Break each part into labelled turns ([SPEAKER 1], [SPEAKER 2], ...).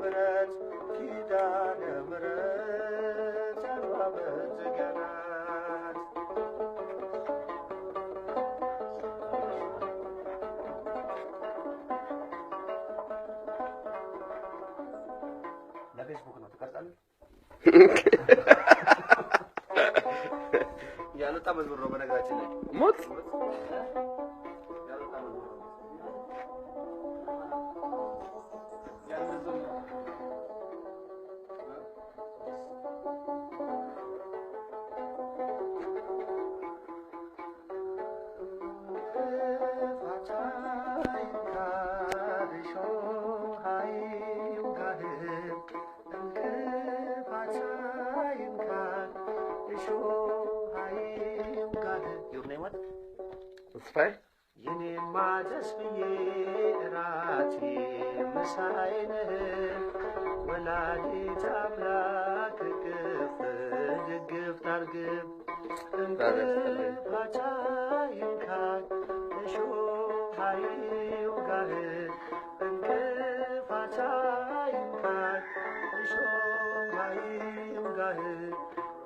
[SPEAKER 1] ምህረት ኪዳነ ምህረት አርባ በትገናት
[SPEAKER 2] ለፌስቡክ ነው ትቀርጻለህ
[SPEAKER 3] የኔማ ደስ ብዬ እራቴ መሳይነህ ወላዲተ አምላክ እቅፍ ድግፍ ታርግብ እንቅፋታ ይንካል እሾሃይ ውጋህ
[SPEAKER 2] እንቅፋታ ይንካል እሾሃይ ውጋህ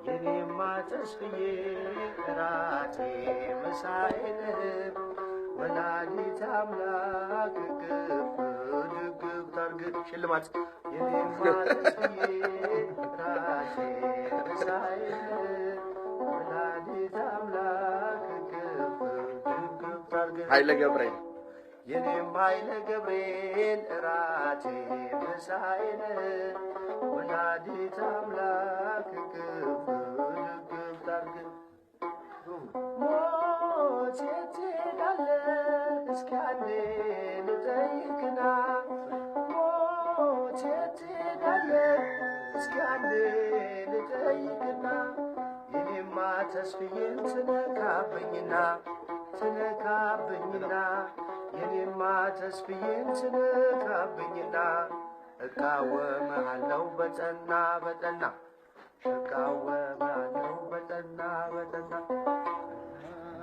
[SPEAKER 2] የኔማ ተስፍዬ ራቴ ምሳዬ ነህ ወላዲተ አምላክ እቅፍ ድግፍ ታርግ ሽልማት የኔማ ተስፍዬ ራቴ ምሳዬ ነህ ወላዲተ አምላክ እቅፍ ድግፍ ታርግ ኃይለ ገብርኤል የኔም ኃይለ ገብርኤል ራቴ ምሳዬ ነህ ወላዲተ አምላክ እስኪ አንዴ ልጠይቅና ሞት የት ሄዳለ? እስኪ አንዴ ልጠይቅና እኔማ ተስፍዬን ትነካብኝና ትነካብኝና የኔማ ተስፍዬን ትነካብኝና እቃወመሃለው በጠና በጠና እቃወመሃለው በጠና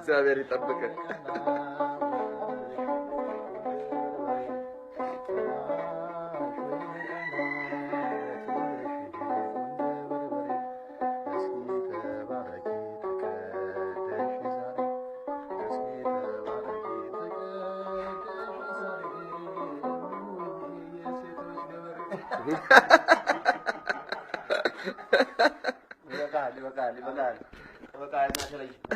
[SPEAKER 2] እግዚአብሔር ይጠብቅህ። ይበቃል ይበቃል ይበቃል ይበቃል።